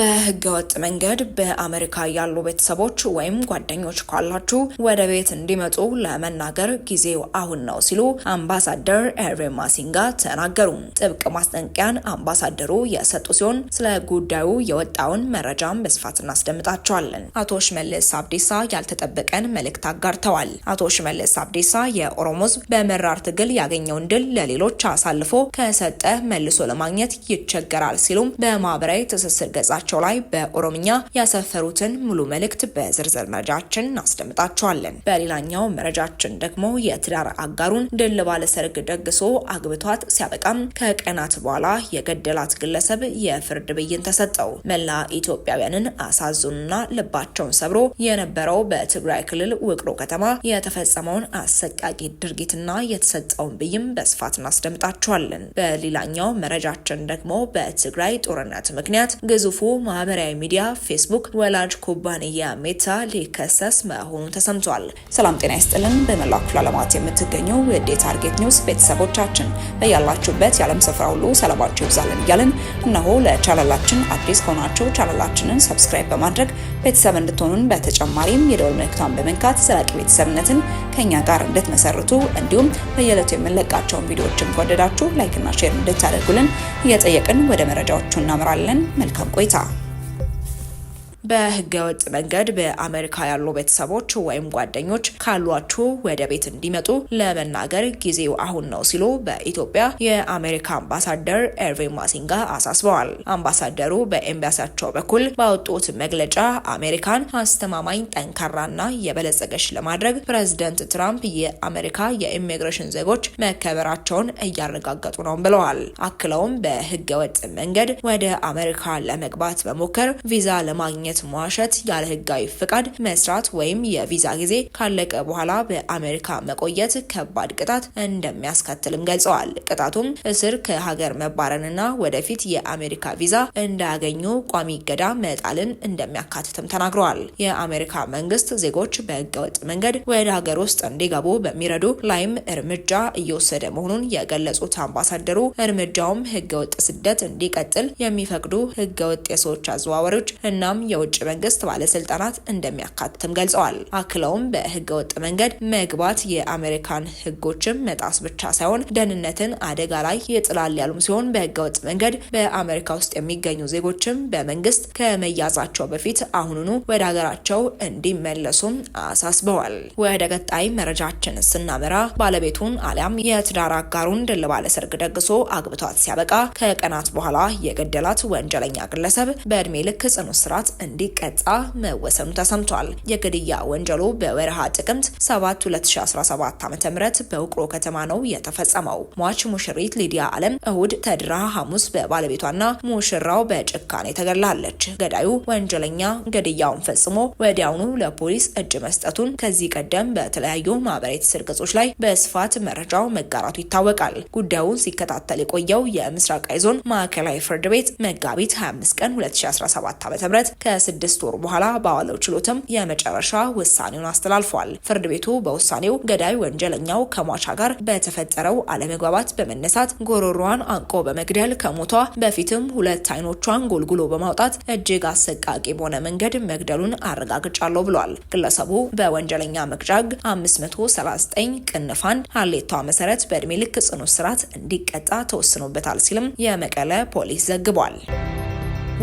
በህገወጥ መንገድ በአሜሪካ ያሉ ቤተሰቦች ወይም ጓደኞች ካላችሁ ወደ ቤት እንዲመጡ ለመናገር ጊዜው አሁን ነው ሲሉ አምባሳደር ኤሪ ማሲንጋ ተናገሩ። ጥብቅ ማስጠንቀቂያን አምባሳደሩ የሰጡ ሲሆን ስለ ጉዳዩ የወጣውን መረጃም በስፋት እናስደምጣቸዋለን። አቶ ሽመልስ አብዲሳ ያልተጠበቀን መልእክት አጋርተዋል። አቶ ሽመልስ አብዲሳ የኦሮሞ ህዝብ በመራር ትግል ያገኘውን ድል ለሌሎች አሳልፎ ከሰጠ መልሶ ለማግኘት ይቸገራል ሲሉም በማህበራዊ ትስስር ገጻ ገጻቸው ላይ በኦሮምኛ ያሰፈሩትን ሙሉ መልእክት በዝርዝር መረጃችን እናስደምጣቸዋለን። በሌላኛው መረጃችን ደግሞ የትዳር አጋሩን ድል ባለ ሰርግ ደግሶ አግብቷት ሲያበቃም ከቀናት በኋላ የገደላት ግለሰብ የፍርድ ብይን ተሰጠው። መላ ኢትዮጵያውያንን አሳዝኑና ልባቸውን ሰብሮ የነበረው በትግራይ ክልል ውቅሮ ከተማ የተፈጸመውን አሰቃቂ ድርጊትና የተሰጠውን ብይም በስፋት እናስደምጣቸዋለን። በሌላኛው መረጃችን ደግሞ በትግራይ ጦርነት ምክንያት ግዙፉ ማህበራዊ ሚዲያ ፌስቡክ ወላጅ ኩባንያ ሜታ ሊከሰስ መሆኑ ተሰምቷል። ሰላም ጤና ይስጥልን። በመላው ክፍለ ዓለማት የምትገኙ የዴ ታርጌት ኒውስ ቤተሰቦቻችን በያላችሁበት የዓለም ስፍራ ሁሉ ሰላማችሁ ይብዛልን እያልን እነሆ ለቻናላችን አዲስ ከሆናችሁ ቻናላችንን ሰብስክራይብ በማድረግ ቤተሰብ እንድትሆኑን በተጨማሪም የደወል ምልክቷን በመንካት ዘላቂ ቤተሰብነትን ከእኛ ጋር እንድትመሰርቱ እንዲሁም በየዕለቱ የምንለቃቸውን ቪዲዮዎችን ከወደዳችሁ ላይክና ሼር እንድታደርጉልን እየጠየቅን ወደ መረጃዎቹ እናምራለን። መልካም ቆይታ በህገወጥ መንገድ በአሜሪካ ያሉ ቤተሰቦች ወይም ጓደኞች ካሏችሁ ወደ ቤት እንዲመጡ ለመናገር ጊዜው አሁን ነው ሲሉ በኢትዮጵያ የአሜሪካ አምባሳደር ኤርቪን ማሲንጋ አሳስበዋል። አምባሳደሩ በኤምባሲያቸው በኩል ባወጡት መግለጫ አሜሪካን አስተማማኝ፣ ጠንካራና የበለጸገች ለማድረግ ፕሬዝደንት ትራምፕ የአሜሪካ የኢሚግሬሽን ዜጎች መከበራቸውን እያረጋገጡ ነው ብለዋል። አክለውም በህገወጥ መንገድ ወደ አሜሪካ ለመግባት በሞከር ቪዛ ለማግኘት ማግኘት፣ መዋሸት፣ ያለ ህጋዊ ፍቃድ መስራት ወይም የቪዛ ጊዜ ካለቀ በኋላ በአሜሪካ መቆየት ከባድ ቅጣት እንደሚያስከትልም ገልጸዋል። ቅጣቱም እስር፣ ከሀገር መባረንና ወደፊት የአሜሪካ ቪዛ እንዳያገኙ ቋሚ እገዳ መጣልን እንደሚያካትትም ተናግረዋል። የአሜሪካ መንግስት ዜጎች በህገወጥ መንገድ ወደ ሀገር ውስጥ እንዲገቡ በሚረዱ ላይም እርምጃ እየወሰደ መሆኑን የገለጹት አምባሳደሩ እርምጃውም ህገወጥ ስደት እንዲቀጥል የሚፈቅዱ ህገወጥ የሰዎች አዘዋዋሪዎች እናም የ የውጭ መንግስት ባለስልጣናት እንደሚያካትትም ገልጸዋል። አክለውም በህገ ወጥ መንገድ መግባት የአሜሪካን ህጎችም መጣስ ብቻ ሳይሆን ደህንነትን አደጋ ላይ ይጥላል ያሉም ሲሆን በህገ ወጥ መንገድ በአሜሪካ ውስጥ የሚገኙ ዜጎችም በመንግስት ከመያዛቸው በፊት አሁኑኑ ወደ ሀገራቸው እንዲመለሱም አሳስበዋል። ወደ ቀጣይ መረጃችን ስናመራ ባለቤቱን አሊያም የትዳር አጋሩን ድል ባለ ሰርግ ደግሶ አግብቷት ሲያበቃ ከቀናት በኋላ የገደላት ወንጀለኛ ግለሰብ በእድሜ ልክ ጽኑ እስራት እንዲቀጣ መወሰኑ ተሰምቷል። የግድያ ወንጀሉ በወርሃ ጥቅምት 7 2017 ዓ.ም በውቅሮ ከተማ ነው የተፈጸመው። ሟች ሙሽሪት ሊዲያ አለም እሁድ ተድራ ሐሙስ በባለቤቷና ሙሽራው በጭካኔ ተገላለች። ገዳዩ ወንጀለኛ ግድያውን ፈጽሞ ወዲያውኑ ለፖሊስ እጅ መስጠቱን ከዚህ ቀደም በተለያዩ ማህበራዊ ትስስር ገጾች ላይ በስፋት መረጃው መጋራቱ ይታወቃል። ጉዳዩን ሲከታተል የቆየው የምስራቅ ዞን ማዕከላዊ ፍርድ ቤት መጋቢት 25 ቀን 2017 ዓ.ም ከስድስት ወር በኋላ በዋለው ችሎትም የመጨረሻ ውሳኔውን አስተላልፏል። ፍርድ ቤቱ በውሳኔው ገዳይ ወንጀለኛው ከሟቻ ጋር በተፈጠረው አለመግባባት በመነሳት ጎሮሯን አንቆ በመግደል ከሞቷ በፊትም ሁለት አይኖቿን ጎልጉሎ በማውጣት እጅግ አሰቃቂ በሆነ መንገድ መግደሉን አረጋግጫለሁ ብሏል። ግለሰቡ በወንጀለኛ መቅጫ ሕግ 539 ቅንፍ አንድ ሀሌቷ መሰረት በእድሜ ልክ ጽኑ እስራት እንዲቀጣ ተወስኖበታል ሲልም የመቀለ ፖሊስ ዘግቧል።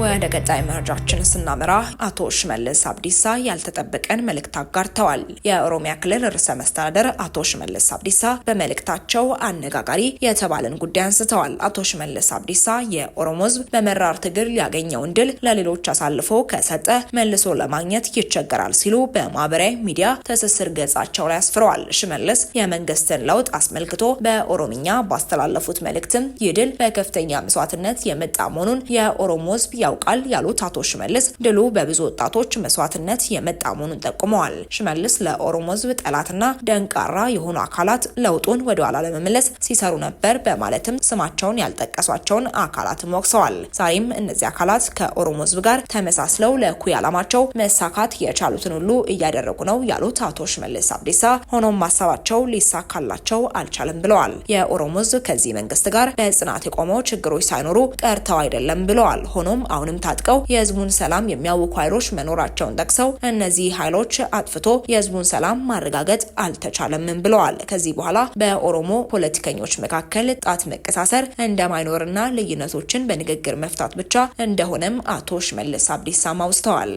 ወደ ቀጣይ መረጃችን ስናመራ አቶ ሽመልስ አብዲሳ ያልተጠበቀን መልእክት አጋርተዋል። የኦሮሚያ ክልል ርዕሰ መስተዳደር አቶ ሽመልስ አብዲሳ በመልእክታቸው አነጋጋሪ የተባለን ጉዳይ አንስተዋል። አቶ ሽመልስ አብዲሳ የኦሮሞ ሕዝብ በመራር ትግል ያገኘውን ድል ለሌሎች አሳልፎ ከሰጠ መልሶ ለማግኘት ይቸገራል ሲሉ በማህበራዊ ሚዲያ ትስስር ገጻቸው ላይ አስፍረዋል። ሽመልስ የመንግስትን ለውጥ አስመልክቶ በኦሮምኛ ባስተላለፉት መልእክትም ይህ ድል በከፍተኛ መስዋዕትነት የመጣ መሆኑን የኦሮሞ ሕዝብ ያውቃል ያሉት አቶ ሽመልስ ድሉ በብዙ ወጣቶች መስዋዕትነት የመጣ መሆኑን ጠቁመዋል። ሽመልስ ለኦሮሞ ህዝብ ጠላትና ደንቃራ የሆኑ አካላት ለውጡን ወደ ኋላ ለመመለስ ሲሰሩ ነበር በማለትም ስማቸውን ያልጠቀሷቸውን አካላትም ወቅሰዋል። ዛሬም እነዚህ አካላት ከኦሮሞ ህዝብ ጋር ተመሳስለው ለኩይ ዓላማቸው መሳካት የቻሉትን ሁሉ እያደረጉ ነው ያሉት አቶ ሽመልስ አብዲሳ ሆኖም ማሰባቸው ሊሳካላቸው አልቻለም ብለዋል። የኦሮሞ ህዝብ ከዚህ መንግስት ጋር በጽናት የቆመው ችግሮች ሳይኖሩ ቀርተው አይደለም ብለዋል። ሆኖም አሁንም ታጥቀው የህዝቡን ሰላም የሚያውኩ ኃይሎች መኖራቸውን ጠቅሰው እነዚህ ኃይሎች አጥፍቶ የህዝቡን ሰላም ማረጋገጥ አልተቻለምም ብለዋል። ከዚህ በኋላ በኦሮሞ ፖለቲከኞች መካከል ጣት መቀሳሰር እንደማይኖርና ልዩነቶችን በንግግር መፍታት ብቻ እንደሆነም አቶ ሽመልስ አብዲሳም አውስተዋል።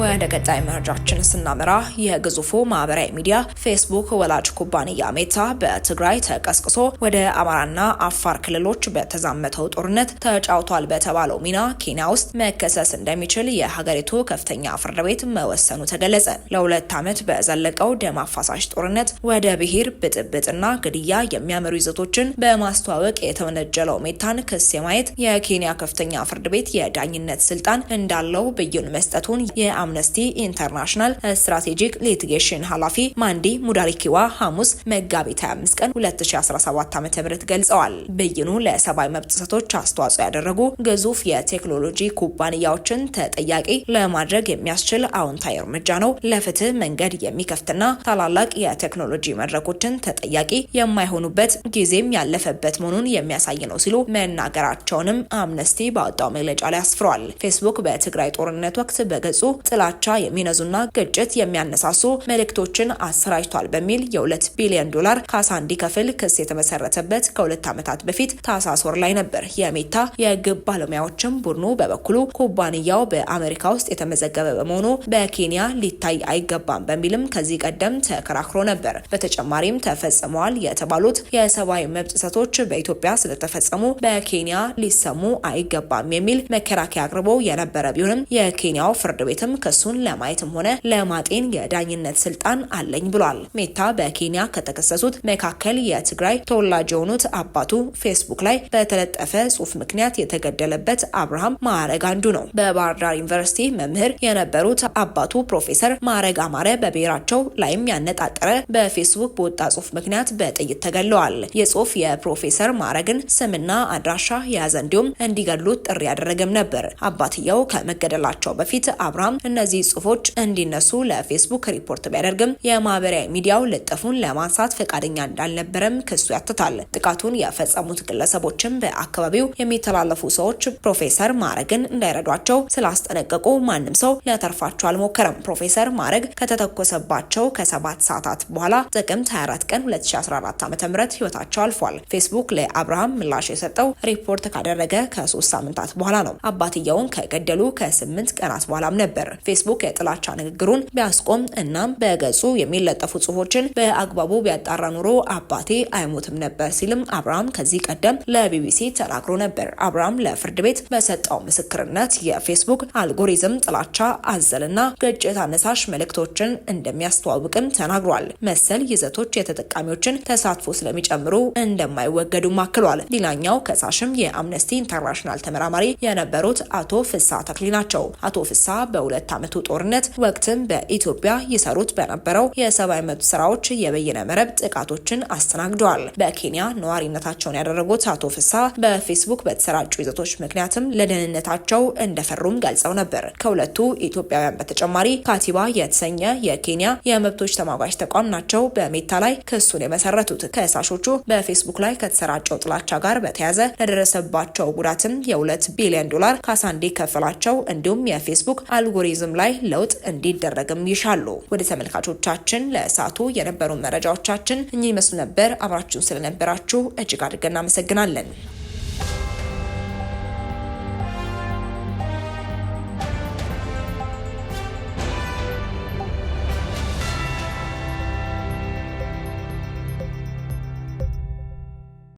ወደ ቀጣይ መረጃችን ስናመራ የግዙፉ ማህበራዊ ሚዲያ ፌስቡክ ወላጅ ኩባንያ ሜታ በትግራይ ተቀስቅሶ ወደ አማራና አፋር ክልሎች በተዛመተው ጦርነት ተጫውቷል በተባለው ሚና ኬንያ ውስጥ መከሰስ እንደሚችል የሀገሪቱ ከፍተኛ ፍርድ ቤት መወሰኑ ተገለጸ። ለሁለት ዓመት በዘለቀው ደም አፋሳሽ ጦርነት ወደ ብሔር ብጥብጥና ግድያ የሚያመሩ ይዘቶችን በማስተዋወቅ የተወነጀለው ሜታን ክስ የማየት የኬንያ ከፍተኛ ፍርድ ቤት የዳኝነት ስልጣን እንዳለው ብይን መስጠቱን የአምነስቲ ኢንተርናሽናል ስትራቴጂክ ሊቲጌሽን ኃላፊ ማንዲ ሙዳሪኪዋ ሐሙስ መጋቢት 25 ቀን 2017 ዓ.ም ገልጸዋል። ብይኑ ለሰብአዊ መብት ጥሰቶች አስተዋጽኦ ያደረጉ ግዙፍ የቴክኖሎጂ ኩባንያዎችን ተጠያቂ ለማድረግ የሚያስችል አዎንታዊ እርምጃ ነው። ለፍትህ መንገድ የሚከፍትና ታላላቅ የቴክኖሎጂ መድረኮችን ተጠያቂ የማይሆኑበት ጊዜም ያለፈበት መሆኑን የሚያሳይ ነው ሲሉ መናገራቸውንም አምነስቲ ባወጣው መግለጫ ላይ አስፍሯል። ፌስቡክ በትግራይ ጦርነት ወቅት በገጹ ጥላቻ የሚነዙና ግጭት የሚያነሳሱ መልእክቶችን አሰራጭቷል በሚል የ2 ቢሊዮን ዶላር ካሳ እንዲከፍል ክስ የተመሰረተበት ከሁለት ዓመታት በፊት ታህሳስ ወር ላይ ነበር። የሜታ የግብ ባለሙያዎችም ቡድኑ በበኩሉ ኩባንያው በአሜሪካ ውስጥ የተመዘገበ በመሆኑ በኬንያ ሊታይ አይገባም በሚልም ከዚህ ቀደም ተከራክሮ ነበር። በተጨማሪም ተፈጽመዋል የተባሉት የሰብአዊ መብት ጥሰቶች በኢትዮጵያ ስለተፈጸሙ በኬንያ ሊሰሙ አይገባም የሚል መከራከያ አቅርቦ የነበረ ቢሆንም የኬንያው ፍርድ ቤትም ክሱን ለማየትም ሆነ ለማጤን የዳኝነት ስልጣን አለኝ ብሏል። ሜታ በኬንያ ከተከሰሱት መካከል የትግራይ ተወላጅ የሆኑት አባቱ ፌስቡክ ላይ በተለጠፈ ጽሁፍ ምክንያት የተገደለበት አብርሃም ማዕረግ አንዱ ነው። በባህር ዳር ዩኒቨርሲቲ መምህር የነበሩት አባቱ ፕሮፌሰር ማዕረግ አማረ በብሔራቸው ላይም ያነጣጠረ በፌስቡክ በወጣ ጽሁፍ ምክንያት በጥይት ተገለዋል። የጽሁፍ የፕሮፌሰር ማዕረግን ስምና አድራሻ የያዘ እንዲሁም እንዲገሉት ጥሪ ያደረገም ነበር። አባትየው ከመገደላቸው በፊት አብርሃም እነዚህ ጽሁፎች እንዲነሱ ለፌስቡክ ሪፖርት ቢያደርግም የማህበራዊ ሚዲያው ልጥፉን ለማንሳት ፈቃደኛ እንዳልነበረም ክሱ ያትታል። ጥቃቱን የፈጸሙት ግለሰቦችም በአካባቢው የሚተላለፉ ሰዎች ፕሮፌሰር ማረግን እንዳይረዷቸው ስላስጠነቀቁ ማንም ሰው ሊያተርፋቸው አልሞከረም። ፕሮፌሰር ማረግ ከተተኮሰባቸው ከሰባት ሰዓታት በኋላ ጥቅምት 24 ቀን 2014 ዓ.ም ህይወታቸው አልፏል። ፌስቡክ ለአብርሃም ምላሽ የሰጠው ሪፖርት ካደረገ ከሶስት ሳምንታት በኋላ ነው። አባትየውን ከገደሉ ከስምንት ቀናት በኋላም ነበር ፌስቡክ የጥላቻ ንግግሩን ቢያስቆም እናም በገጹ የሚለጠፉ ጽሁፎችን በአግባቡ ቢያጣራ ኑሮ አባቴ አይሞትም ነበር ሲልም አብርሃም ከዚህ ቀደም ለቢቢሲ ተናግሮ ነበር። አብርሃም ለፍርድ ቤት በሰጠው ምስክርነት የፌስቡክ አልጎሪዝም ጥላቻ አዘልና ግጭት አነሳሽ መልእክቶችን እንደሚያስተዋውቅም ተናግሯል። መሰል ይዘቶች የተጠቃሚዎችን ተሳትፎ ስለሚጨምሩ እንደማይወገዱም አክሏል። ሌላኛው ከሳሽም የአምነስቲ ኢንተርናሽናል ተመራማሪ የነበሩት አቶ ፍሳ ተክሊ ናቸው። አቶ ፍሳ በሁለት ሁለት ዓመቱ ጦርነት ወቅትም በኢትዮጵያ ይሰሩት በነበረው የሰብአዊ መብት ስራዎች የበይነ መረብ ጥቃቶችን አስተናግደዋል። በኬንያ ነዋሪነታቸውን ያደረጉት አቶ ፍሳ በፌስቡክ በተሰራጩ ይዘቶች ምክንያትም ለደህንነታቸው እንደፈሩም ገልጸው ነበር። ከሁለቱ ኢትዮጵያውያን በተጨማሪ ካቲባ የተሰኘ የኬንያ የመብቶች ተሟጋች ተቋም ናቸው በሜታ ላይ ክሱን የመሰረቱት። ከሳሾቹ በፌስቡክ ላይ ከተሰራጨው ጥላቻ ጋር በተያያዘ ለደረሰባቸው ጉዳትም የሁለት ቢሊዮን ዶላር ካሳ እንዲከፈላቸው እንዲሁም የፌስቡክ አልጎሪ ቱሪዝም ላይ ለውጥ እንዲደረግም ይሻሉ። ወደ ተመልካቾቻችን ለእሳቱ የነበሩ መረጃዎቻችን እኚህ ይመስሉ ነበር። አብራችሁን ስለነበራችሁ እጅግ አድርገን እናመሰግናለን።